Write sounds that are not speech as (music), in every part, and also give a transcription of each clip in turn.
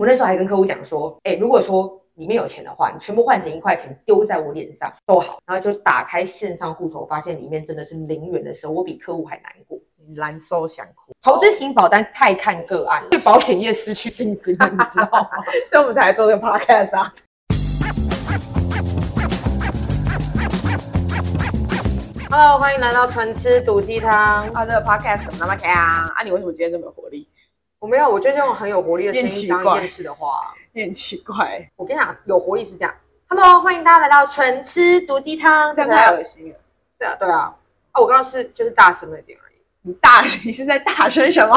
我那時候還跟客戶講說，哎、欸，如果說裡面有錢的話，你全部換成一塊錢丟在我臉上都好。然後就打開線上戶頭，發現裡面真的是零元的時候，我比客戶還難過，難受想哭。投資型保單太看個案，對 (laughs) 保險業失去信心了， (laughs) 你知道嗎？ (laughs) 所以我們才做這個 podcast 啊。哈囉，歡迎來到純吃毒雞湯，啊這個 podcast 怎麼看 (laughs) 啊？啊你為什麼今天這麼有活力？我沒有，我覺得這種很有活力的聲音讓你認識的話，有點奇怪。我跟你講，有活力是這樣。Hello，歡迎大家來到純吃毒雞湯，真的太噁心了。對啊，對啊。我剛剛是就是大聲了一點而已。你大，你是在大聲什麼？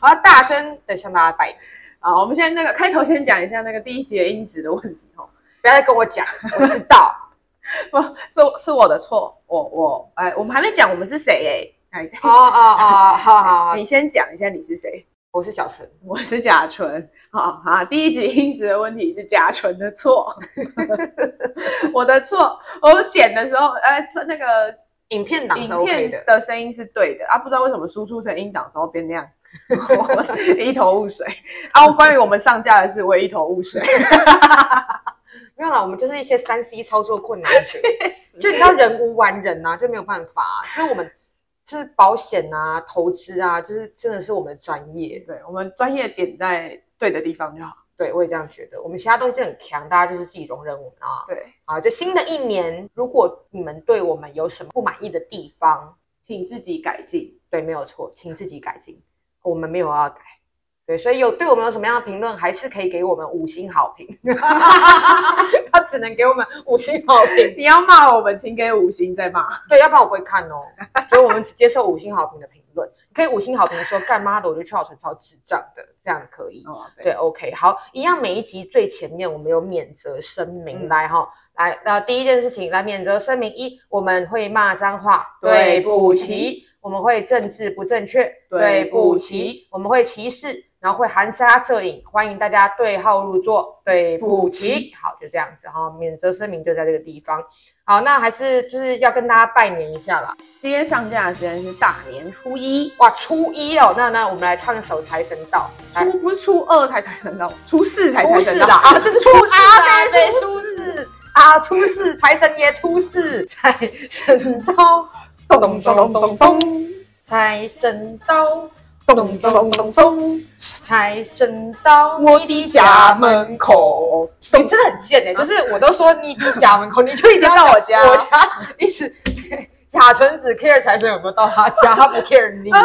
我要大聲的向大家拜年。啊，我們現在那個開頭先講一下那個第一集音質的問題哦。不要再跟我講，不知道，不是，是我的錯。我我哎，我們還沒講我們是誰哎。哦哦哦，好好，你先講一下你是誰。我是小純，我是甲醇。好好，第一集音質的問題是甲醇的錯， (laughs) 我的錯。我剪的時候，呃，那個影片檔是、OK、的，聲音是對的啊，不知道為什麼輸出成音檔的時候變那樣， (laughs) 一頭霧水。然後、 (laughs) 啊、關於我們上架的事，我也一頭霧水。 (laughs) 沒有啦，我們就是一些三 C 操作困難，確 (laughs) 其實，就你知道人無完人吶、啊，就沒有辦法、啊。所以我們。是保險啊，投資啊，就是真的是我們專業，對，我們專業點在對的地方就好。對，我也這樣覺得，我們其他東西就很強，大家就是自己容忍我們啊。對啊，就新的一年，如果你們對我們有什麼不滿意的地方，請自己改進。對，沒有錯，請自己改進，我們沒有要改。所以有對我們有什麼樣的評論，還是可以給我們五星好評。 (laughs) (laughs) 他只能給我們五星好評。你要罵我們，請給五星再罵。對，要不然我不會看哦。 (laughs) 所以我們只接受五星好評的評論。可以五星好評說：“幹媽的，我就去好浩超智障的。”這樣可以。Oh, okay. 對，OK，好，一樣每一集最前面我們有免責聲明、嗯、來哈、哦。來，呃，第一件事情來免責聲明一：我們會罵髒話，對不起；我們會政治不正確，對不起；不起我們會歧視。然後會含沙射影，歡迎大家對號入座，對不起，好，就這樣子哈、哦，免責聲明就在這個地方。好，那還是就是要跟大家拜年一下啦。今天上架的時間是大年初一，哇，初一哦，那那我們來唱一首《財神到》。初，來初不是初二才財神到，初四才財神到啊，這是初啊，對對，初四，初四啊，初四財神爺，初四財神到， (laughs) 咚，咚，咚咚咚咚咚，財神到。咚咚咚咚咚，財神到你的家門口。你、欸、真的很賤誒、欸，啊、就是我都說你的家門口， (laughs) 你就已經到我家，我家一直假純子，care 財神有沒有到他家？ (laughs) 他不 care 你們。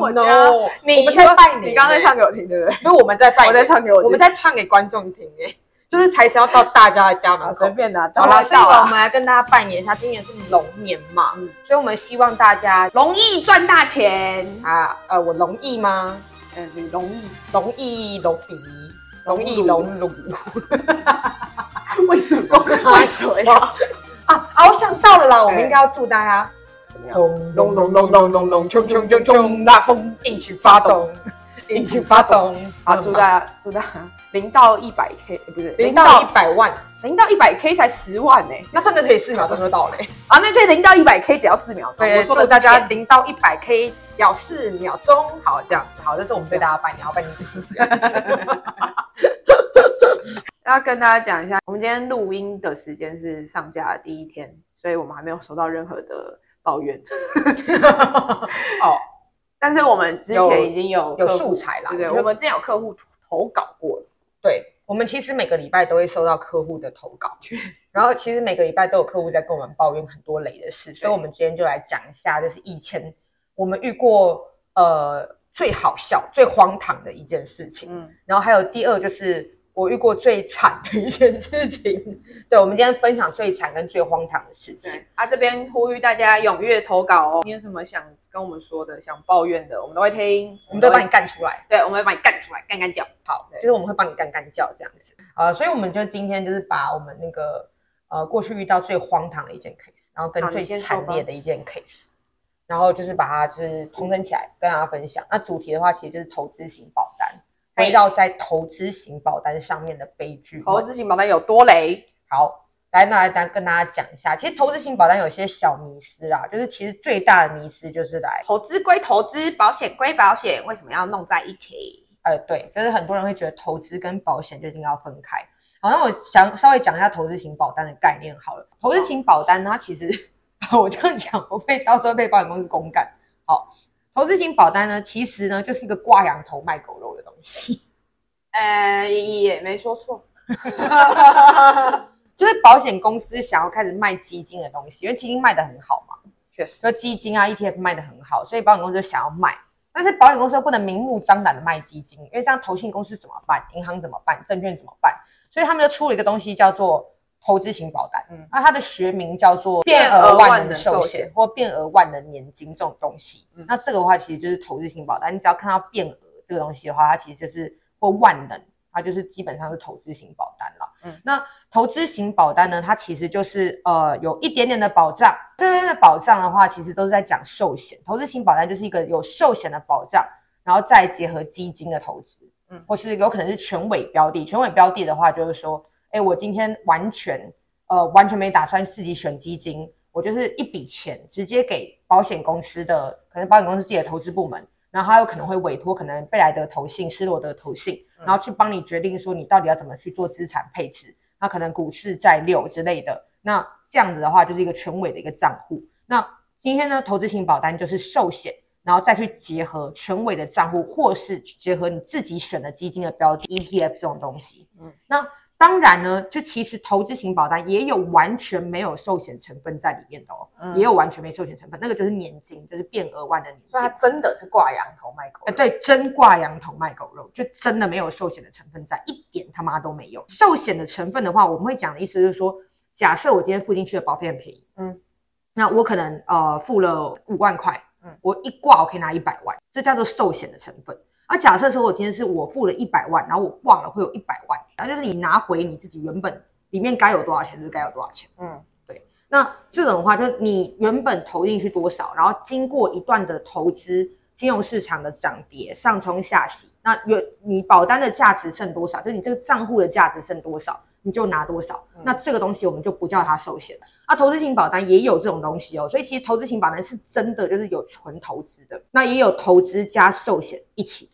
我到我家，在拜 No, 你不，你剛剛在唱給我聽，對不對？不是我們在拜，我在唱給我聽，我們在唱給觀眾聽誒、欸。就是財神要到大家的家嘛，口，隨便的。好了，這個我們來跟大家拜年一下，今年是龍年嘛，所以我們希望大家容易賺大錢啊。呃，我容易嗎？呃，你容易，容易容易，容易容易，哈哈哈哈哈哈！為什麼？我跟他說啊啊！我想到了啦，我們應該要祝大家，轟隆隆隆隆隆隆，衝衝衝衝，大風引擎發動，引擎發動，好，祝大家，祝大家。零到一百 K，、欸、不是零到一百萬，零到一百 K 才十萬呢、欸，那真的可以四秒鐘就到嘞、欸！啊，那對零到一百 K 只要四秒鐘。對,對,對，我說的大家零到一百 K 要四秒鐘，好這樣子，好，這是我們對大家拜年，拜年樣，你就是、這樣子。 (laughs) (laughs) 要跟大家講一下，我們今天錄音的時間是上架第一天，所以我們還沒有收到任何的抱怨。 (laughs) (laughs) 哦，但是我們之前已經有有,有素材了，對,對,對，我們之前有客戶投稿過了。對，我們其實每個禮拜都會收到客戶的投稿，實然後其實每個禮拜都有客戶在跟我們抱怨很多雷的事，對所以，我們今天就來講一下，就是以前我們遇過呃最好笑、最荒唐的一件事情。嗯，然後還有第二就是。我遇過最慘的一件事情， (laughs) 對，我們今天分享最慘跟最荒唐的事情。啊，這邊呼籲大家踴躍投稿哦！你有什麼想跟我們說的，想抱怨的，我們都會聽，我們都幫你幹出來。對，我們會把你幹出來，幹幹叫。好，對就是我們會幫你幹幹叫這樣子。對呃所以我們就今天就是把我們那個呃過去遇到最荒唐的一件 case，然後跟最慘烈的一件 case，然後就是把它就是統整起來、嗯、跟大家分享。那主題的話，其實就是投資型保單。圍繞在投資型保單上面的悲劇，投資型保單有多雷？好，來那來,來跟大家講一下，其實投資型保單有些小迷思啦，就是其實最大的迷思就是來投資歸投資，保險歸保險，為什麼要弄在一起？呃，對，就是很多人會覺得投資跟保險就一定要分開。好，那我想稍微講一下投資型保單的概念好了。投資型保單、哦、它其實我這樣講，我會到時候被保險公司公干。好、哦。投資型保單呢，其實呢就是一個掛羊頭賣狗肉的東西。呃，也沒說錯， (laughs) 就是保險公司想要開始賣基金的東西，因為基金賣得很好嘛，確實，說基金啊 ETF 賣得很好，所以保險公司就想要賣，但是保險公司又不能明目張膽的賣基金，因為這樣投信公司怎麼辦？銀行怎麼辦？證券怎麼辦？所以他們就出了一個東西，叫做。投資型保單，嗯，那、啊、它的學名叫做變額萬能壽險或變額萬能年金這種東西。嗯，那這個的話其實就是投資型保單。嗯、你只要看到變額這個東西的話，它其實就是或萬能，它就是基本上是投資型保單了。嗯，那投資型保單呢，它其實就是呃有一點點的保障。這邊的保障的話，其實都是在講壽險。投資型保單就是一個有壽險的保障，然後再結合基金的投資，嗯，或是有可能是全委標的。全委標的的話，就是說。哎，我今天完全，呃，完全沒打算自己選基金，我就是一筆錢直接給保險公司的，可能保險公司自己的投資部門，然後他有可能會委託可能貝萊德投信、施羅德投信，然後去幫你決定說你到底要怎麼去做資產配置，那、嗯、可能股市、債六之類的，那這樣子的話就是一個全委的一個賬戶。那今天呢，投資型保單就是壽險，然後再去結合全委的賬戶，或是去結合你自己選的基金的標的 ETF 這種東西，嗯，那。當然呢，就其實投資型保單也有完全沒有壽險成分在裡面的哦，嗯、也有完全沒有壽險成分，那個就是年金，就是變額萬的年金，所以它真的是掛羊頭賣狗肉，哎，對，真掛羊頭賣狗肉，就真的沒有壽險的成分在，一點他媽都沒有。壽險的成分的話，我們會講的意思就是說，假設我今天付進去的保費很便宜，嗯，那我可能呃付了五萬塊，嗯，我一掛我可以拿一百萬，這叫做壽險的成分。那假設說，我今天是我付了一百萬，然後我掛了會有一百萬，然後就是你拿回你自己原本裡面該有多少錢，就是該有多少錢。嗯，對。那這種的話就是你原本投進去多少，然後經過一段的投資金融市場的漲跌上沖下洗，那原你保單的價值剩多少，就你這個賬戶的價值剩多少，你就拿多少。嗯、那這個東西我們就不叫它壽險。那投資型保單也有這種東西哦，所以其實投資型保單是真的就是有純投資的，那也有投資加壽險一起。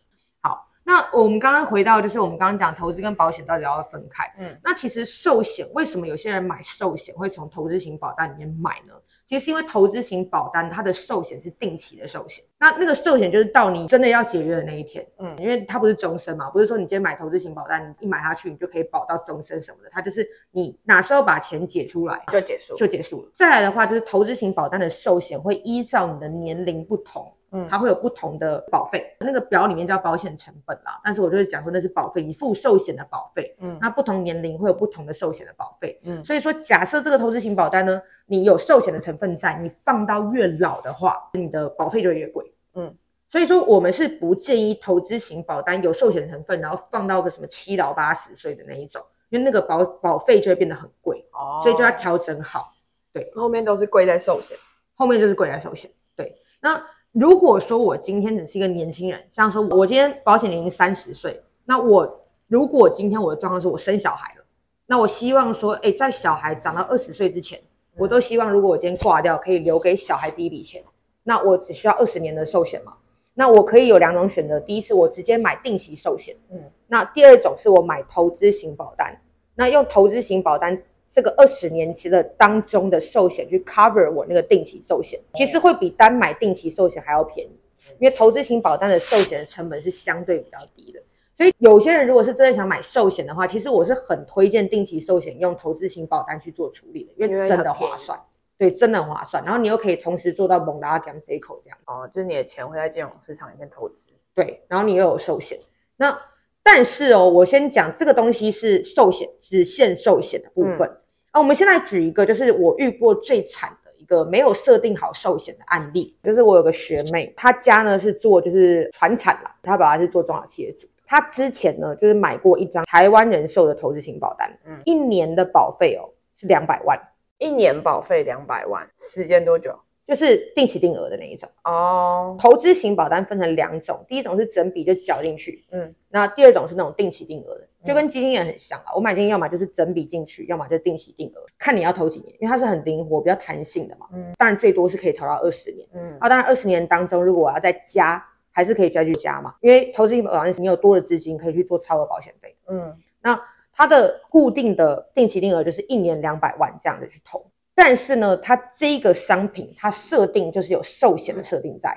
那我們剛剛回到，就是我們剛剛講投資跟保險到底要分開。嗯，那其實壽險為什麼有些人買壽險會從投資型保單裡面買呢？其實是因為投資型保單它的壽險是定期的壽險，那那個壽險就是到你真的要解約的那一天，嗯，因為它不是終身嘛，不是說你今天買投資型保單，你一買下去你就可以保到終身什麼的，它就是你哪時候把錢解出來就結束就結束了。再來的話就是投資型保單的壽險會依照你的年齡不同，嗯，它會有不同的保費，嗯、那個表裡面叫保險成本啦、啊。但是我就是講說那是保費，你付壽險的保費。嗯，那不同年齡會有不同的壽險的保費。嗯，所以說假設這個投資型保單呢，你有壽險的成分在，你放到越老的話，你的保費就越貴。嗯，所以說我們是不建議投資型保單有壽險的成分，然後放到個什麼七老八十歲的那一種，因為那個保保費就會變得很貴哦，所以就要調整好。對，後面都是貴在壽險，後面就是貴在壽險。對，那。如果說我今天只是一個年輕人，像說我今天保險年齡三十歲，那我如果今天我的狀況是我生小孩了，那我希望說，誒、欸、在小孩長到二十歲之前，嗯、我都希望如果我今天掛掉，可以留給小孩子一筆錢，那我只需要二十年的壽險嘛？那我可以有兩種選擇，第一是我直接買定期壽險，嗯，那第二種是我買投資型保單，那用投資型保單。這個二十年期的當中的壽險去 cover 我那個定期壽險，其實會比單買定期壽險還要便宜，因為投資型保單的壽險的成本是相對比較低的。所以有些人如果是真的想買壽險的話，其實我是很推薦定期壽險用投資型保單去做處理的，因為真的划算，對，真的划算。然後你又可以同時做到蒙達加缺口這樣哦，就是你的錢會在金融市場裡面投資，對，然後你又有壽險。那但是哦、喔，我先講這個東西是壽險，只限壽險的部分。嗯那、啊、我們現在舉一個，就是我遇過最慘的一個沒有設定好壽險的案例，就是我有個學妹，她家呢是做就是傳產啦，她爸爸是做中小企業主，她之前呢就是買過一張台灣人壽的投資型保單，嗯，一年的保費哦、喔、是兩百萬，一年保費兩百萬，時間多久？就是定期定額的那一種哦。投資型保單分成兩種，第一種是整筆就繳進去，嗯，那第二種是那種定期定額的。就跟基金也很像啊，我買基金要麼就是整筆進去，要麼就定期定額，看你要投幾年，因為它是很靈活、比較彈性的嘛。嗯。當然最多是可以投到二十年。嗯。啊，當然二十年當中，如果我要再加，還是可以再去加嘛，因為投資型保單是你有多的資金可以去做超額保險費。嗯。那它的固定的定期定額就是一年兩百萬這樣子去投，但是呢，它這一個商品它設定就是有壽險的設定在。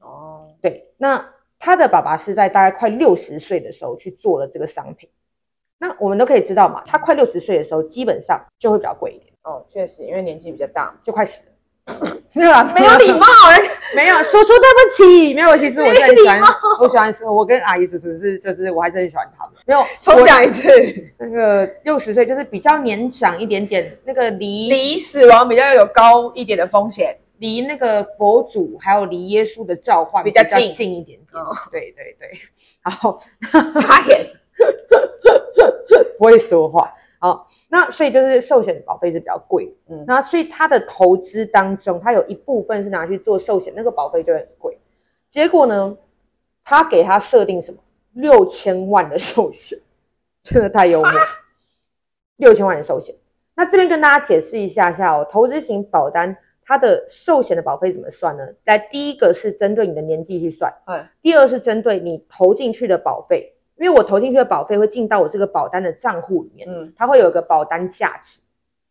哦、嗯。對，那他的爸爸是在大概快六十歲的時候去做了這個商品。那我們都可以知道嘛，他快六十歲的時候，基本上就會比較貴一點哦。確實，因為年紀比較大，就快死了，對吧？沒有禮貌、啊，沒有說說對不起， (laughs) 沒有。其實我真的很喜歡，我喜歡說，我跟阿姨叔叔是,、就是，就是我還是很喜歡他們。沒有，重講一次，那個六十歲就是比較年長一點點，那個離離死亡比較有高一點的風險，離那個佛祖還有離耶穌的召喚比較近比較近一點點。哦、對對對，然後好傻眼。 (laughs) 不會說話，好，那所以就是壽險的保費是比較貴，嗯，那所以他的投資當中，他有一部分是拿去做壽險，那個保費就很貴。結果呢，他給他設定什麼？六千萬的壽險，真的太幽默，啊、六千萬的壽險。那這邊跟大家解釋一下下哦，投資型保單它的壽險的保費怎麼算呢？來，第一個是針對你的年紀去算，嗯、哎，第二是針對你投進去的保費。因為我投進去的保費會進到我這個保單的賬戶裡面，嗯，它會有一個保單價值。嗯，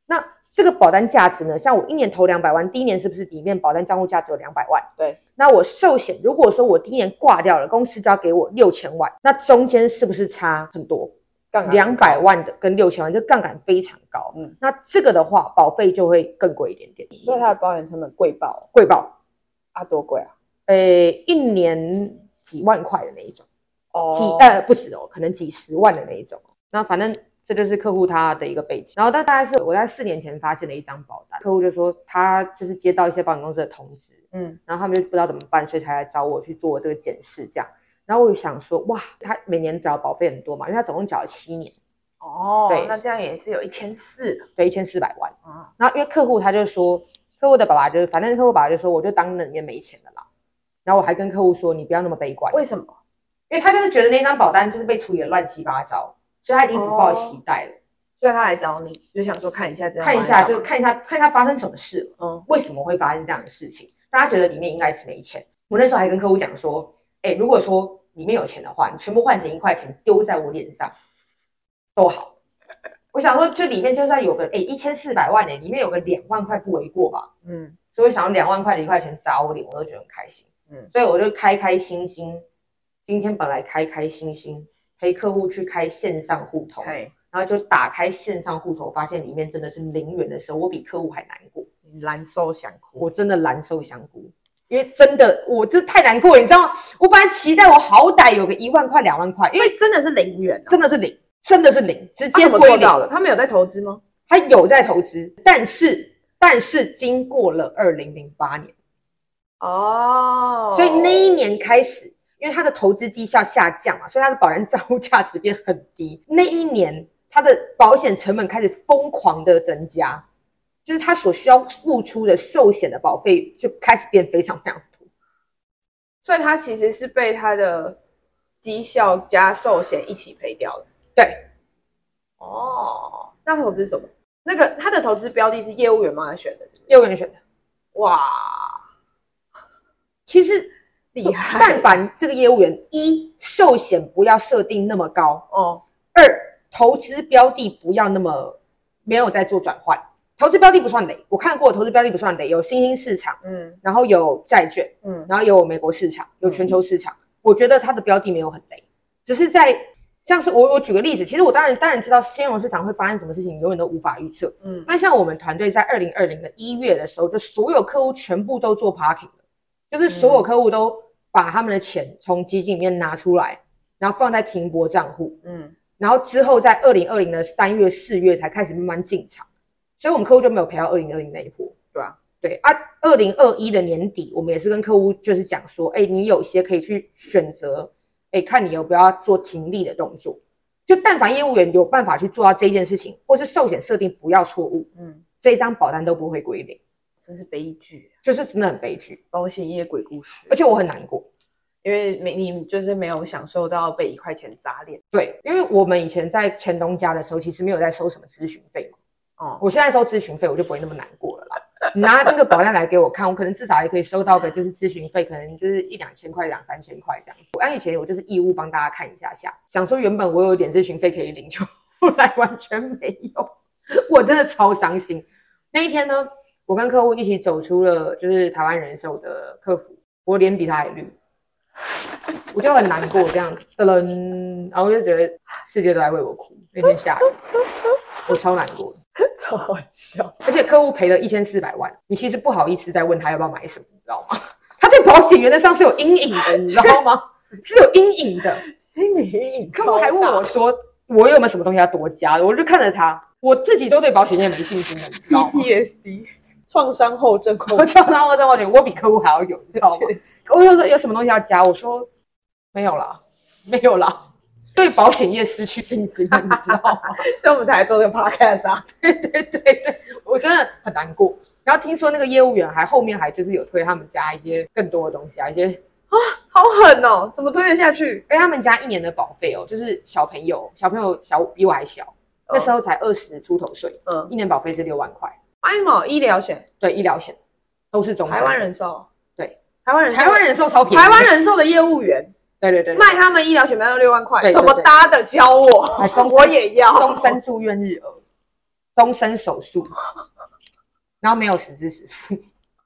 那這個保單價值呢，像我一年投兩百萬，第一年是不是裡面保單賬戶價值有兩百萬？對。那我壽險如果說我第一年掛掉了，公司就要給我六千萬，那中間是不是差很多槓桿？兩百萬的跟六千萬，就槓桿非常高。嗯，那這個的話，保費就會更貴一點點。所以它的保險成本貴爆貴爆，啊，貴啊，多貴啊？誒，一年幾萬塊的那一種。幾呃、oh. 不止哦，可能幾十萬的那一種。那反正這就是客戶他的一個背景。然後但大概是我在四年前發現了一張保單，客戶就說他就是接到一些保險公司的通知，嗯，然後他們就不知道怎麼辦，所以才來找我去做這個檢視這樣。然後我就想說，哇，他每年繳保費很多嘛，因為他總共繳了七年。哦、oh, 對，那這樣也是有一千四，對，一千四百萬。Oh. 然後因為客戶他就說，客戶的爸爸就是反正客戶爸爸就說，我就當那裡面沒錢了啦。然後我還跟客戶說，你不要那麼悲觀，為什麼？因為他就是覺得那張保單就是被處理的亂七八糟，所以他已經不抱期待了，哦，所以他來找你，就想說看一下這樣，看一下，就看一下，看一下發生什麼事了。嗯，為什麼會發生這樣的事情？大家覺得裡面應該是沒錢。我那時候還跟客戶講說，哎、欸，如果說裡面有錢的話，你全部換成一塊錢丟在我臉上都好。我想說，這裡面就算有個哎一千四百萬，欸，哎，裡面有個兩萬塊不為過吧？嗯，所以我想要兩萬塊的一塊錢砸我臉，我都覺得很開心。嗯，所以我就開開心心。今天本來開開心心陪客戶去開線上戶頭，い然後就打開線上戶頭，發現裡面真的是零元的時候，我比客戶還難過，難受想哭，我真的難受想哭，因為真的我這太難過了，你知道嗎？我本來期待我好歹有個一萬塊、兩萬塊，因為，因為真的是零元，喔，真的是零，真的是零，直接虧掉，啊，了。他們有在投資嗎？他有在投資，但是但是經過了二零零八年，哦，oh. 所以那一年開始。因為他的投資績效下降嘛，所以他的保單賬戶價值變很低。那一年，他的保險成本開始瘋狂的增加，就是他所需要付出的壽險的保費就開始變非常非常多。所以，他其實是被他的績效加壽險一起賠掉了。對，哦，那投資什麼？那個他的投資標的是業務員幫他選的，是是業務員選的，哇，其實。但凡這個業務員，一壽險不要設定那麼高哦；嗯、二投資標的不要那麼沒有在做轉換，投資標的不算雷。我看過投資標的不算雷，有新興市場，嗯，然後有債券，嗯，然後有美國市場，有全球市場。嗯、我覺得它的標的沒有很雷，只是在像是我我舉個例子，其實我當然當然知道金融市場會發生什麼事情，永遠都無法預測。嗯，那像我們團隊在二零二零的一月的時候，就所有客戶全部都做 parking 了，就是所有客戶都。嗯把他們的錢從基金裡面拿出來，然後放在停泊賬戶，嗯，然後之後在二零二零的三月、四月才開始慢慢進場，所以我們客戶就沒有賠到二零二零那一波，對吧？對啊，二零二一的年底，我們也是跟客戶就是講說，哎、欸，你有些可以去選擇，哎、欸，看你有不要做停利的動作，就但凡業務員有辦法去做到這一件事情，或是壽險設定不要錯誤，嗯，這張保單都不會歸零，真是悲劇、啊，就是真的很悲劇，保險業鬼故事、啊，而且我很難過。因為沒你就是沒有享受到被一塊錢砸臉，對，因為我們以前在前東家的時候，其實沒有在收什麼諮詢費嘛。哦，我現在收諮詢費，我就不會那麼難過了啦。你拿那個保單來給我看，我可能至少還可以收到個就是諮詢費，可能就是一兩千塊、兩三千塊這樣子。我以前我就是義務幫大家看一下下，想說原本我有點諮詢費可以領，就後來完全沒有，我真的超傷心。那一天呢，我跟客戶一起走出了就是台灣人壽的客服，我臉比他還綠。 (laughs) 我就很難過這樣噔噔，然後我就覺得世界都在為我哭。那天下雨，我超難過的。超好笑，而且客戶賠了一千四百萬，你其實不好意思再問他要不要買什麼，你知道嗎？他對保險員的上是有陰影的，你知道嗎？確實 是有陰影的，心理陰影。客戶還問我說我有沒有什麼東西要多加的，我就看着他，我自己都對保險業沒信心了。你知道嗎實。 創傷後症，創傷後症，我比客戶還要有，你知道嗎？我就說有什麼東西要加，我說沒有了，沒有了，對保險業失去信心了， (laughs) 你知道嗎？所以 (laughs) 我們才做這個 podcast 啊。對對對對，我真的很難過。然後聽說那個業務員還後面還就是有推他們家一些更多的東西啊，一些啊、哦，好狠哦，怎麼推得下去？哎，他們家一年的保費哦，就是小朋友，小朋友小比我還小，嗯、那時候才二十出頭歲，嗯，一年保費是六萬塊。I'm 某醫療險，對醫療險都是中台灣人壽，對台灣人壽台灣人壽超便宜，台灣人壽的業務員對對對，對賣他們醫療險要六萬塊，怎麼搭的教我？對對對，我也要終身住院日額終身手術，然後沒有實支實付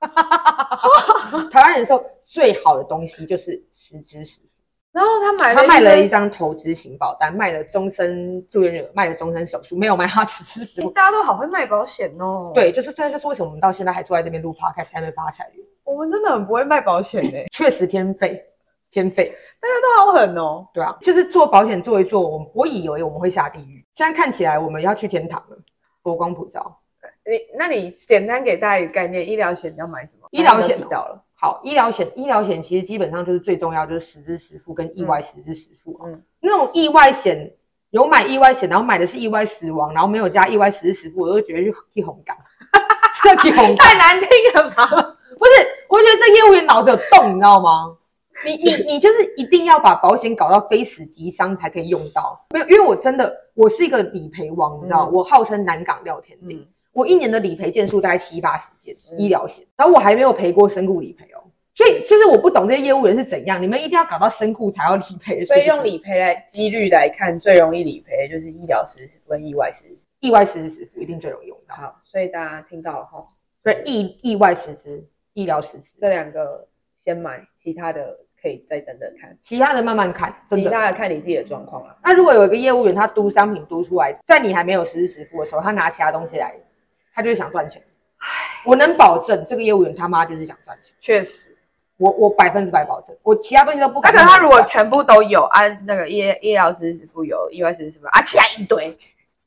(laughs) (laughs) 台灣人壽最好的東西就是實支實付。然後他買他賣了一張投資型保單，賣了終身住院人，賣了終身手術，沒有賣哈尺是是，哈只吃食物。大家都好會賣保險哦。對，就是這就是為什麼我們到現在還坐在這邊錄 podcast 還沒發財。我們真的很不會賣保險誒，確實偏廢，偏廢，大家都好狠哦。對啊，就是做保險做一做，我我以為我們會下地獄，現在看起來我們要去天堂了，佛光普照。你那你簡單給大家一個概念，醫療險你要買什麼？醫療險、哦啊、掉了。好，醫療險，醫療險其實基本上就是最重要，就是實支實付跟意外實支實付嗯。嗯，那種意外險有買意外險，然後買的是意外死亡，然後沒有加意外實支實付，我就覺得就港 (laughs) 是去、啊、紅槓。哈哈哈。這一紅太難聽了吧 (laughs) 不是，我覺得這業務員腦子有洞，你知道嗎？ (laughs) 你你你就是一定要把保險搞到非死即傷才可以用到，沒有，因為我真的我是一個理賠王，你知道，嗯、我號稱南港廖添丁，嗯、我一年的理賠件數大概七八十件，嗯、醫療險，然後我還沒有賠過身故理賠。所以就是我不懂這些業務員是怎樣，你們一定要搞到身故才要理賠的事。所以用理賠來幾率來看，最容易理賠就是醫療實支跟意外實支，意外實支、實付一定最容易用到。好，所以大家聽到了，所以意意外實支、醫療實支這兩個先買，其他的可以再等等看，其他的慢慢看，真的，其他的看你自己的狀況啦、啊。那、啊、如果有一個業務員他督商品督出來，在你還沒有實支實付的時候，他拿其他東西來，他就是想賺錢。唉，我能保證這個業務員他媽就是想賺錢。確實。我我百分之百保證，我其他東西都不可能。他如果全部都有啊，那個 L E 老師是付有，意外險是什麼啊，其他一堆，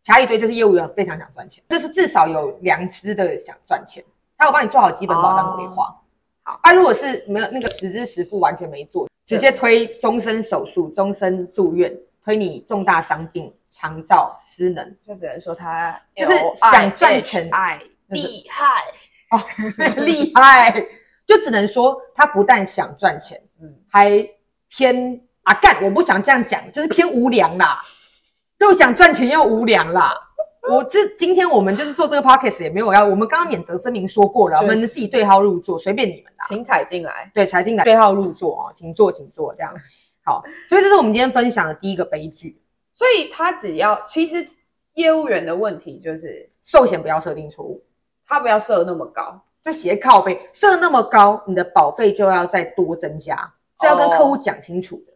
其他一堆就是業務員非常想賺錢，就是至少有良知的想賺錢。他會幫你做好基本保障規劃。好，啊如果是沒有那個實支實付，完全沒做，直接推終身手術、終身住院，推你重大傷病、長照失能，就只能說他就是想賺錢，厲害，厲害。就只能說他不但想賺錢，嗯，還偏啊幹！我不想這樣講，就是偏無良啦，又想賺錢又無良啦。 (laughs) 我這今天我們就是做這個 podcast 也沒有要，我們剛剛免責聲明說過了，就是，我們自己對號入座，隨便你們啦。請踩進來，對，踩進來，對號入座啊，哦，請坐，請坐，這樣。好，所以這是我們今天分享的第一個悲劇。所以他只要其實業務員的問題就是壽險不要設定錯誤，他不要設那麼高。那斜靠背設那麼高，你的保費就要再多增加，這要跟客戶講清楚的。Oh.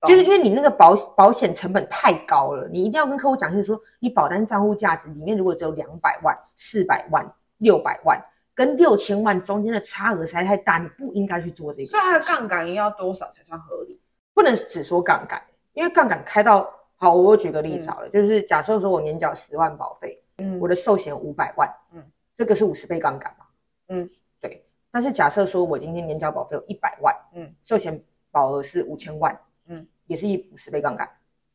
Oh. 就是因為你那個保保險成本太高了，你一定要跟客戶講清楚說，你保單賬戶價值裡面如果只有兩百萬、四百萬、六百萬跟六千萬中間的差額實在太大，你不應該去做這個。所以，它的槓桿要多少才算合理？不能只說槓桿，因為槓桿開到，好，我舉個例子好了，嗯，就是假設說我年繳十萬保費，嗯，我的壽險五百萬，嗯，這個是五十倍槓桿嘛？嗯，對。但是假設說我今天年交保費有一百萬，嗯，壽險保額是五千萬，嗯，也是一五十倍槓桿。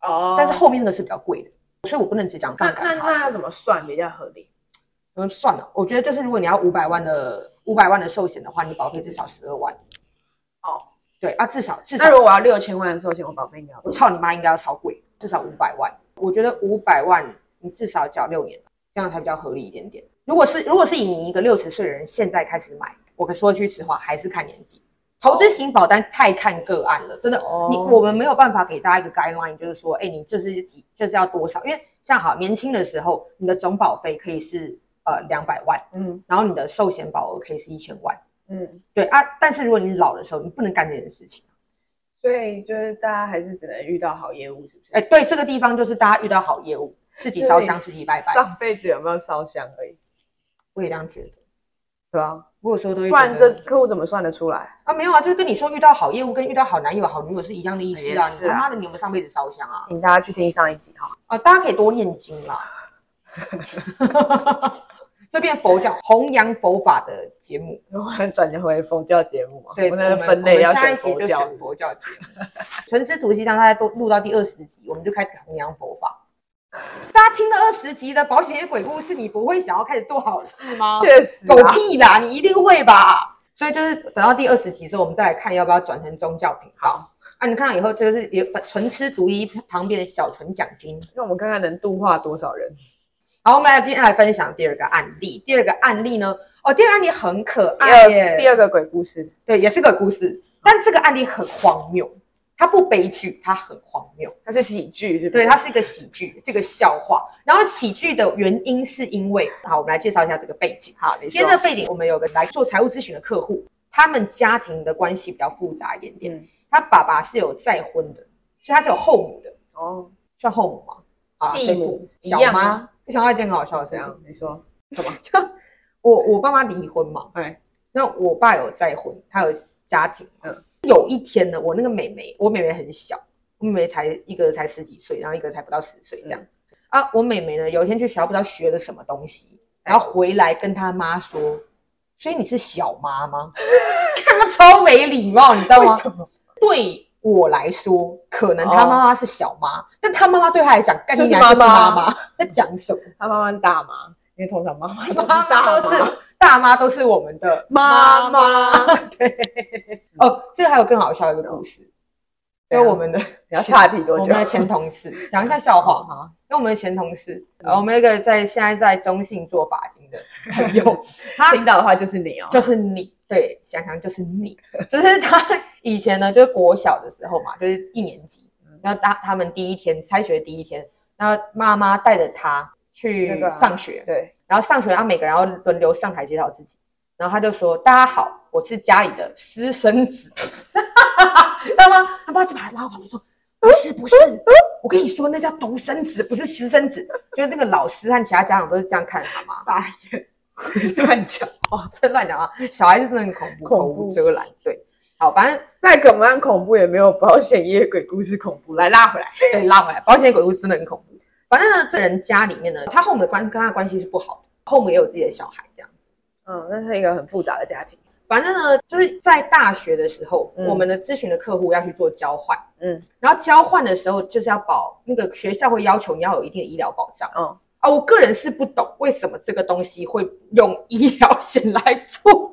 哦。但是後面的是比較貴的，所以我不能只講槓桿。那那那要怎麼算比較合理？嗯，算了，我覺得就是如果你要五百萬的五百萬的壽險的話，你保費至少十二萬。哦，對啊，至，至少至少。那如果我要六千萬的壽險，我保費應該要……我操你媽，應該要超貴，至少五百萬。嗯，我覺得五百萬你至少繳六年，這樣才比較合理一點點。如果是如果是以你一個六十歲的人現在開始買，我可說句實話，還是看年紀。投資型保單太看個案了，真的。Oh. 你我們沒有辦法給大家一個 guideline，就是說，哎，你這是幾，這是要多少？因為像好年輕的時候，你的總保費可以是呃兩百萬，嗯，然後你的壽險保額可以是一千萬，嗯，對啊。但是如果你老的時候，你不能幹這件事情。所以就是大家還是只能遇到好業務，是不是？哎，對，這個地方就是大家遇到好業務，自己燒香對自己拜拜。上輩子有沒有燒香而已？我也這樣覺得，對啊。不過說都，不然這客戶怎麼算得出來啊？沒有啊，就是跟你說遇到好業務，跟遇到好男友、好女友是一樣的意思啊。哎、是啊你他媽的，你有沒有上輩子燒香啊？請大家去聽一上一集哈。啊，大家可以多念經啦。哈哈哈！哈，這邊佛教弘揚佛法的節目，我還轉回佛教節目啊。對，我們，分類要我們下一集就選佛教節目。哈，哈，哈。純喫毒雞湯，大家都錄到第二十集，我們就開始弘揚佛法。大家聽了二十集的保險業鬼故事，你不會想要開始做好事嗎？確實，狗屁啦，你一定會吧。所以就是等到第二十集之後，我們再來看要不要轉成宗教品。好，哎、啊，你看了以後這個是純吃毒一旁邊的小純獎金，那我們看看能度化多少人。好，我們來今天來分享第二個案例。第二個案例呢，哦，第二個案例很可愛耶、呃。第二個鬼故事，對，也是個故事，嗯、但這個案例很荒謬。它不悲劇，它很荒謬，它是喜劇，對，它是一個喜劇，這個笑話。然後喜劇的原因是因為，好，我們來介紹一下這個背景哈。現在這背景，我們有個來做財務諮詢的客戶，他們家庭的關係比較複雜一點點。他爸爸是有再婚的，所以他是有後母的。哦，算後母嗎？繼母，小媽。一想到這件很好笑的事，你說什麼？就我我爸媽離婚嘛，哎，那我爸有再婚，他有家庭，嗯。有一天呢，我那個妹妹，我妹妹很小，我妹妹才一個才十幾歲，然後一個才不到十歲這樣、嗯、啊。我妹妹呢，有一天去學校，不知道學了什麼東西，然後回來跟她媽說：“嗯、所以你是小媽嗎？”看 (laughs) 她超沒禮貌，你知道嗎？為什麼對我來說，可能她媽媽是小媽，哦、但她媽媽對她、哦、來講，就是媽媽。媽媽在講什麼？她媽媽大媽？因為通常媽媽都是大媽。媽媽媽是大媽都是我們的媽媽，對哦，這個還有更好笑一個故事，就我們的比較差一點，我們的前同事講一下笑話哈。因為我們的前同事，我們一個在現在在中信做法金的朋友，他聽到的話就是你，哦，就是你，對，想想就是你，就是他以前呢，就是國小的時候嘛，就是一年級，然後他他們第一天開學第一天，那媽媽帶着他去上學，對。然後上學，然後每個人要輪流上台介紹自己。然後他就說：“大家好，我是家裡的私生子。”知道嗎？他爸就把他拉到旁邊說：“不是不是， (laughs) 我跟你說，那叫獨生子，不是私生子。” (laughs) 就是那個老師和其他家長都是這樣看他嗎？傻眼。亂 (laughs) 講哦，真亂講啊！小孩子真的很恐怖，口無遮攔。對，好，反正再梗蠻恐怖，也沒有保險業鬼故事恐怖。 (laughs) 來拉回來，對，拉回來，保險鬼故事真的很恐怖。 (laughs) 反正呢，這個、人家裡面呢，他後母的關跟他的關係是不好的，後母也有自己的小孩這樣子。嗯、哦，那是一個很複雜的家庭。反正呢，就是在大學的時候，嗯、我們的諮詢的客戶要去做交換。嗯，然後交換的時候就是要保那個學校會要求你要有一定的醫療保障。嗯、哦、啊，我個人是不懂為什麼這個東西會用醫療險來做。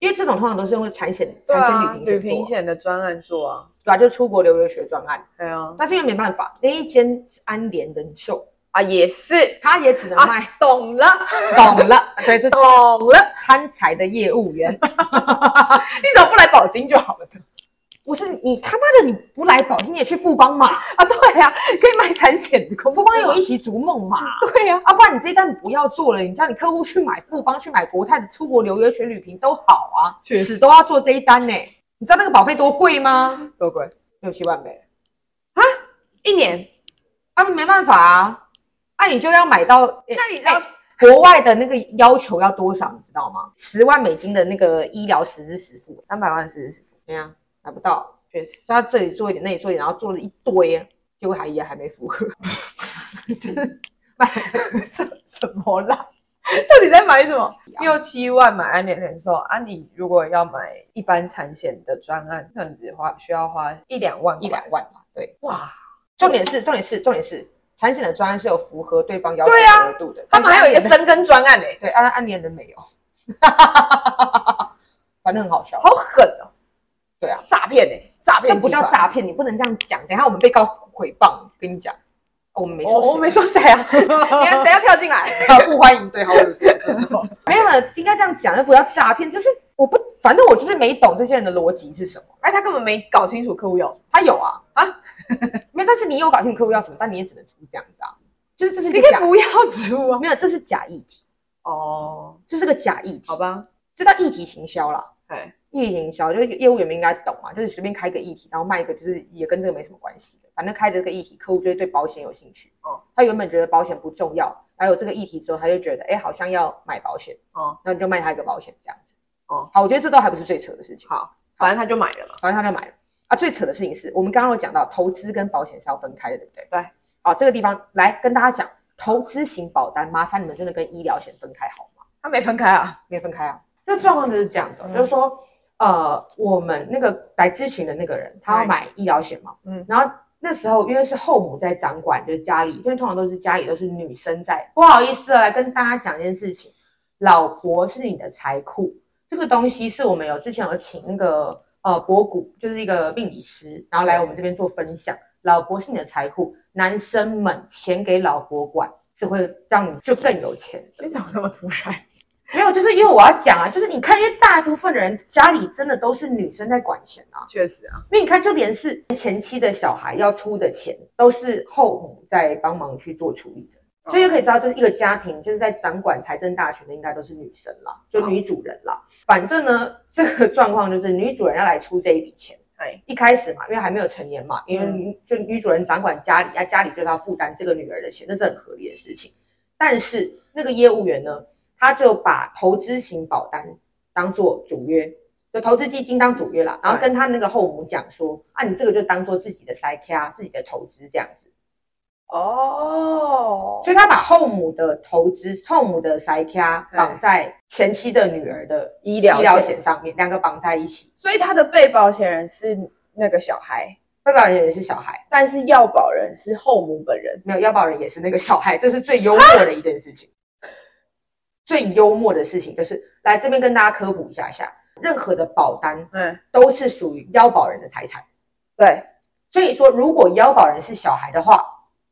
因為這種通常都是用產險，產險旅行，啊、旅平險的專案做啊，對吧、啊？就出國留留學專案，對啊。但是又沒辦法，那一間是安聯人壽啊，也是，他也只能賣。啊、懂了，懂了，對，這、就是懂了。貪財的業務員，了 (laughs) 你怎麼不來保經就好了呢？不是，你他媽的，你不來保險你也去富邦嘛 (laughs) 啊對呀、啊、可以賣產險的公司，啊、富邦有一起逐夢嘛對呀啊，啊不然你這一單不要做了，你叫你客戶去買富邦去買國泰的出國留學全旅平都好啊。確實死都要做這一單呢，你知道那個保費多貴嗎？多貴貴六七萬唄，啊一年啊，沒辦法啊那、啊、你就要買到、欸、那你哎、欸、國外的那個要求要多少你知道嗎？十萬美金的那個醫療實支實付三百萬實支實付怎樣。買不到，yes. 他這裡做一點，那裡做一點，然後做了一堆，結果還也還沒符合，就是買這什麼了？到底在買什麼？六樣七萬買安聯人壽啊？你如果要買一般產險的專案，可能只花需要花一兩萬、一兩萬吧？對，哇重，重點是重點是重點是產險的專案是有符合對方要求額度的，他們、啊、還有一個深耕專案嘞、欸，嗯、對，啊、安安聯的沒有， (laughs) 反正很好笑，好狠哦。對啊，詐騙哎，詐騙，這不叫詐騙，你不能這樣講。等下我們被告毀謗，跟你講，我們沒說，我沒說誰啊？你看誰要跳進來，不歡迎，對，好，沒有沒有，應該這樣講，這不叫詐騙，就是我不，反正我就是沒懂這些人的邏輯是什麼。哎，他根本沒搞清楚客戶要，他有啊啊，沒有，但是你有搞清楚客戶要什麼，但你也只能出這樣子啊，就是這是你可以不要出啊，沒有，這是假議題哦，就是個假議題，好吧，這叫議題行銷啦。對。議題行銷就是業務員們應該懂啊，就是隨便開個議題，然後賣一個，就是也跟這個沒什麼關係。反正開這個議題，客戶就會對保險有興趣。哦、嗯，他原本覺得保險不重要，還有這個議題之後，他就覺得，哎、欸，好像要買保險。哦、嗯，那你就賣他一個保險這樣子。哦、嗯，好，我覺得這都還不是最扯的事情。好，好，反正他就買了嘛，反正他就買了。啊，最扯的事情是我們剛剛有講到，投資跟保險是要分開的，對不對？對。啊，這個地方來跟大家講，投資型保單，麻煩你們真的跟醫療險分開好嗎？他沒分開啊，沒分開啊。這狀況就是這樣子、嗯、就是說。呃，我們那個來諮詢的那個人，他要買醫療險嘛。嗯，然後那時候因為是後母在掌管，就是家裡，因為通常都是家裡都是女生在。不好意思啊，來跟大家講一件事情，老婆是你的財庫，這個東西是我們有之前我有請那個呃博古，就是一個命理師，然後來我們這邊做分享。對老婆是你的財庫，男生們錢給老婆管，是會讓你就更有錢。你怎麼那麼突然？沒有，就是因為我要講啊，就是你看，因為大部分的人家裡真的都是女生在管錢啊，確實啊，因為你看，就連是前妻的小孩要出的錢，都是後母在幫忙去做處理的，哦、所以就可以知道，就是一個家庭就是在掌管財政大權的，應該都是女生啦，哦、就女主人啦。反正呢，這個狀況就是女主人要來出這一筆錢。對一開始嘛，因為還沒有成年嘛，因為就女主人掌管家裡，那、啊、家裡就要負擔這個女兒的錢，那是很合理的事情。但是那個業務員呢？他就把投資型保單當做主約，就投資基金當主約了，然後跟他那個後母講說：“嗯、啊，你這個就當做自己的塞卡，自己的投資這樣子。”哦，所以他把後母的投資、後母的塞卡綁在前妻的女兒的醫療醫療險上面，兩個綁在一起。所以他的被保險人是那個小孩，被保險人也是小孩，但是要保人是後母本人，沒有要保人也是那個小孩，這是最幽默的一件事情。最幽默的事情就是來這邊跟大家科普一下一下，任何的保單，嗯，都是屬於要保人的財產，嗯、對。所以說，如果要保人是小孩的話，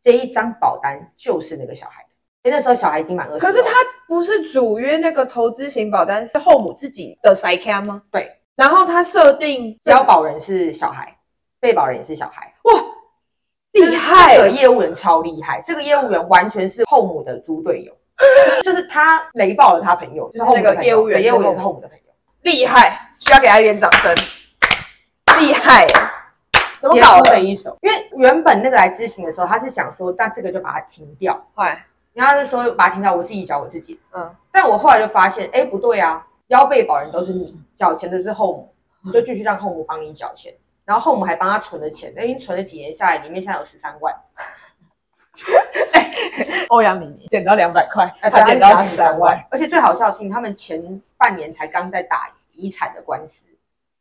這一張保單就是那個小孩的。那時候小孩已經蠻二了。可是他不是主約，那個投資型保單是後母自己的三 c a m e 嗎？對。然後他設定要、就、保、是、人是小孩，被保人也是小孩。哇，厲害！這個業務員超厲害，這個業務員完全是後母的豬隊友。 (laughs) 就是他雷爆了他朋友，就是那個業務員，對業務員是後母的朋友，厲害，需要給他一點掌聲，厲害，怎麼搞的？的一手。因為原本那個來諮詢的時候，他是想說，那這個就把它停掉，嗨會，然後就說把它停掉，我自己繳我自己。嗯，但我後來就發現，哎，不對啊，要被保人都是你，繳錢的是後母，你、嗯、就繼續讓後母幫你繳錢，然後後母還幫他存了錢，已經存了幾年下來，裡面現在有十三萬。歐陽妮妮撿到兩百塊，他撿到十三萬，而且最好笑的是，他們前半年才剛在打遺產的官司，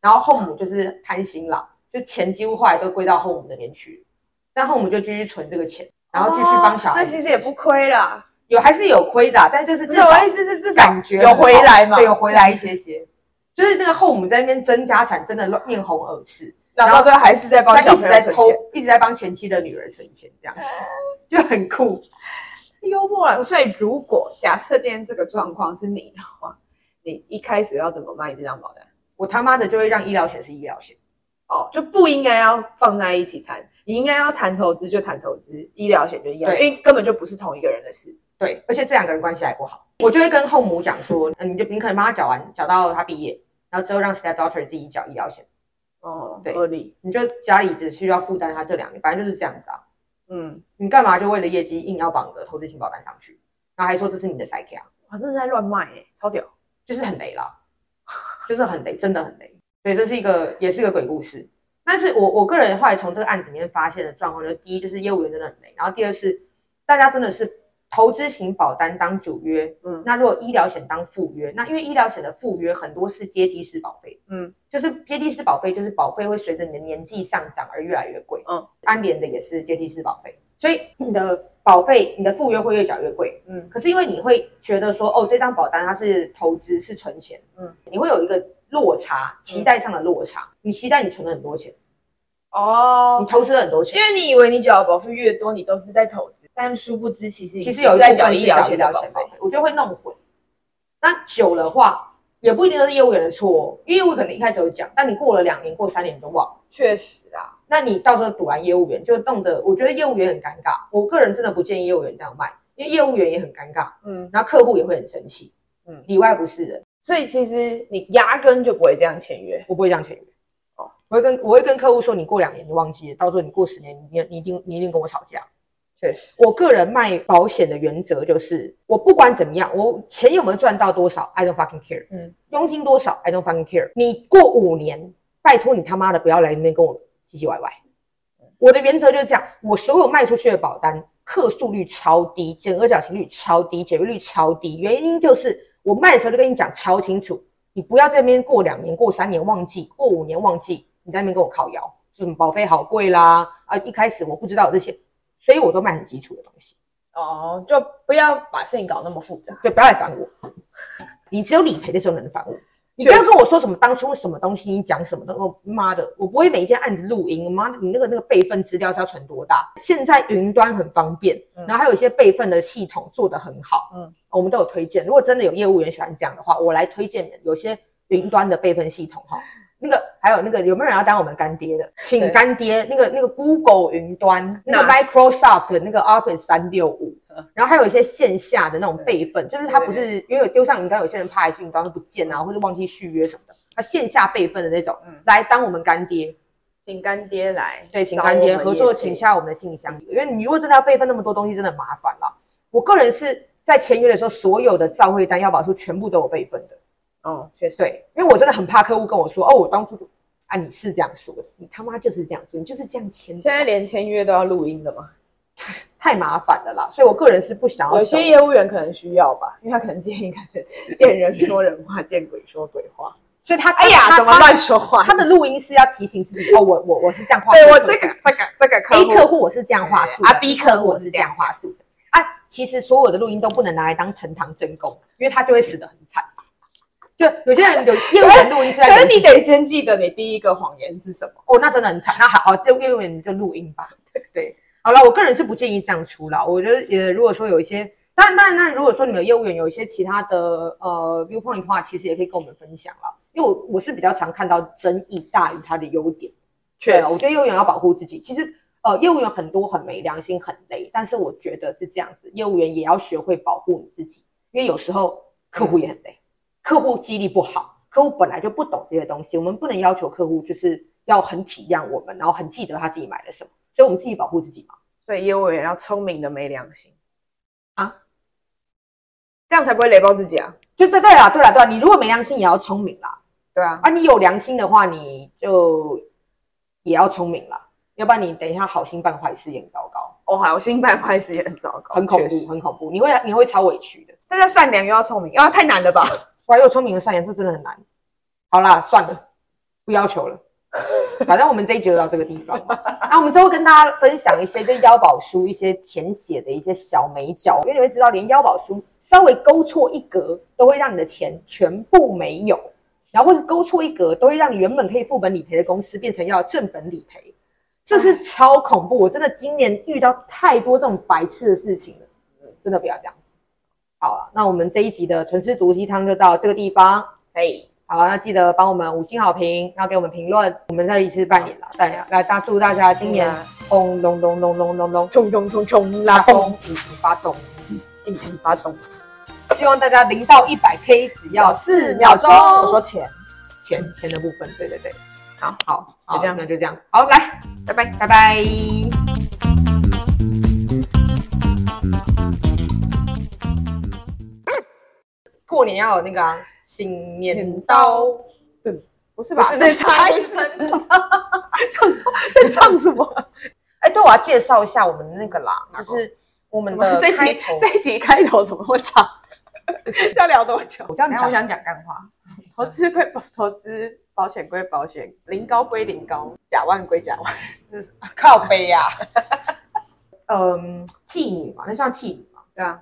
然後後母就是貪心了，就錢幾乎後來都歸到後母那邊去，但後母就繼續存這個錢，然後繼續幫小孩、哦。那其實也不虧啦，有還是有虧的，但就是這種意思是感覺有回來嘛，對，有回來一些些，對就是那個後母在那邊爭家產，真的面紅耳赤。然後最後還是在幫小朋友存錢，一直在幫前妻的女兒存錢，這樣子 (laughs) 就很酷幽默了。所以如果假設今天這個狀況是你的話，你一開始要怎麼賣這張保單？我他媽的就會讓醫療險是醫療險、嗯、哦，就不應該要放在一起談。你應該要談投資就談投資，醫療險就醫療，對因為根本就不是同一個人的事。對，而且這兩個人關係還不好，我就會跟後母講說，嗯，你就你可能幫他繳完，繳到他畢業，然後之後讓 step daughter 自己繳醫療險。哦，對利你就家裡只需要負擔他這兩年，反正就是這樣子啊。嗯，你幹嘛就為了業績硬要綁你的投資型保單上去？然後還說這是你的塞卡、啊？哇、啊，這是在亂賣欸。超屌，就是很雷啦，就是很雷，真的很雷。所以這是一個，也是一個鬼故事。但是我我個人後來從這個案子裡面發現的狀況，就第一就是業務員真的很雷，然後第二是大家真的是。投資型保單當主約，嗯，那如果醫療險當副約，那因為醫療險的副約很多是階梯式保費，嗯，就是階梯式保費就是保費會隨着你的年紀上漲而越來越貴，嗯，安聯的也是階梯式保費，所以你的保費你的附約會越繳越貴，嗯，可是因為你會覺得說，哦，這張保單它是投資是存錢，嗯，你會有一個落差，期待上的落差，嗯、你期待你存了很多錢。哦，oh, 你投資了很多錢，因為你以為你繳的保費越多，你都是在投資，但殊不知其實其實有一部分是繳醫療險。啊、我就會弄混。那久的話，也不一定都是業務員的錯，業務可能一開始有講，但你過了兩年，過三年都忘，確實啊。那你到時候堵完業務員，就弄得我覺得業務員很尷尬。我個人真的不建議業務員這樣賣，因為業務員也很尷尬，嗯，然後客戶也會很生氣，嗯，裡外不是人。所以其實你壓根就不會這樣簽約，我不會這樣簽約。我會跟我會跟客戶說，你過兩年就忘記，到時候你過十年，你，你，你一定你一定跟我吵架。確實 Yes. 我個人賣保險的原則就是，我不管怎麼樣，我錢有沒有賺到多少，I don't fucking care。嗯，佣金多少，I don't fucking care。你過五年，拜託你他媽的不要來那邊跟我唧唧歪歪。嗯、我的原則就是這樣，我所有賣出去的保單客訴率超低，減額繳清率超低，解約率超低，原因就是我賣的時候就跟你講超清楚，你不要在那邊過兩年，過三年忘記，過五年忘記。你在那邊跟我靠腰，就是保費好貴啦啊！一開始我不知道有這些，所以我都賣很基礎的東西哦，就不要把事情搞那麼複雜，對，不要來煩我。 (laughs) 你只有理賠的時候能煩我，就是、你不要跟我說什麼當初什麼東西，你講什麼的，我、哦、媽的，我不會每一件案子錄音，媽的，你那個那個備份資料是要存多大？現在雲端很方便，然後還有一些備份的系統做得很好，嗯，我們都有推薦。如果真的有業務員喜歡這樣的話，我來推薦有些雲端的備份系統哈。那個還有那個有沒有人要當我們乾爹的？請乾爹！對那個那個 Google 雲端，那，是那個 Microsoft 那個 Office 三六五，然後還有一些線下的那種備份，對就是他不是對對對，因為丟上雲端，有些人怕上雲端不見啊，或者忘記續約什麼的，他線下備份的那種，嗯、來當我們乾爹，請乾爹來，對，請乾爹合作，請下我們的信箱，對因為你如果真的要備份那麼多東西，真的很麻煩了。我個人是在簽約的時候，所有的照會單、要保書全部都有備份的。哦，學以、嗯，因為我真的很怕客戶跟我說：“哦，我當初啊，你是這樣說的，你他媽就是這樣子，你就是這樣簽。”現在連簽約都要錄音了嗎？ (laughs) 太麻煩了啦！所以我個人是不想要。有些業務員可能需要吧，因為他可能建議，他是見人說人話， (laughs) 見鬼說鬼話。所以他哎呀，他他怎麼亂說話？他的錄音是要提醒自己哦，我我我，我是這樣話術。對我這個這個這個客 A 客戶我是這樣話術啊，B 客戶我是這樣話術啊。其實所有的錄音都不能拿來當呈堂證供，因為他就會死得很慘。就有些人有業務員錄音出來、欸，可是你得先記得你第一個謊言是什麼哦，那真的很慘。那好好，業務員你就錄音吧。對，好了，我個人是不建議這樣出啦。我覺得，也如果說有一些，當然，當然，當然，如果說你們業務員有一些其他的呃 viewpoint 的話，其實也可以跟我們分享啦，因為我我是比較常看到爭議大於它的優點。實對啊，我覺得業務員要保護自己。其實，呃，業務員很多很沒良心，很累，但是我覺得是這樣子，業務員也要學會保護你自己，因為有時候客戶也很累。嗯。客戶記憶力不好，客戶本來就不懂這些東西，我們不能要求客戶就是要很體諒我們，然後很記得他自己買了什麼，所以我們自己保護自己嘛。對，業務員要聰明的沒良心啊，這樣才不會雷暴自己啊！對對對啊，對啊對啊，對啊。你如果沒良心，也要聰明啦。對啊，啊你有良心的話，你就也要聰明啦，要不然你等一下好心辦壞事也很糟糕。哦，好心辦壞事也很糟糕，很恐怖，確實。很恐怖，很恐怖。你會你會，你會超委屈的。那要善良又要聰明，要、啊、太難了吧？ (laughs) 又聰明又善良，這真的很難。好啦，算了，不要求了。反正我們這一集就到這個地方。那、 (laughs) 啊、我們最後跟大家分享一些，就要保書，一些填寫的一些小眉角，因為你會知道，連要保書稍微勾錯一格，都會讓你的錢全部沒有。然後或者勾錯一格，都會讓你原本可以副本理賠的公司變成要正本理賠，這是超恐怖。 (laughs) 我真的今年遇到太多這種白痴的事情了，嗯、真的不要這樣。好，那我們這一集的純吃毒雞湯就到這個地方。可以，好，那記得幫我們五星好評，然後給我們評論。我們再一次拜年了，大家來大祝大家今年轟隆隆隆隆隆隆，衝衝衝衝啦！風引擎發動，引擎發動，希望大家零到一百 K 只要四秒鐘。我說錢，錢錢的部分，對對對，好好，就這樣，那就這樣。好，來，拜拜，拜拜。過年要有那個新年刀，不是吧？是財神。哈哈哈！在唱什麼？哎，對，我要介紹一下我們那個啦，就是我們的開頭。這節開頭怎麼會唱？要聊多久？我剛剛只想講幹話。投資歸投資保險歸保險，零高歸零高，假萬歸假萬，就是靠北啊。嗯，妓女嘛，那像妓女嘛？對啊。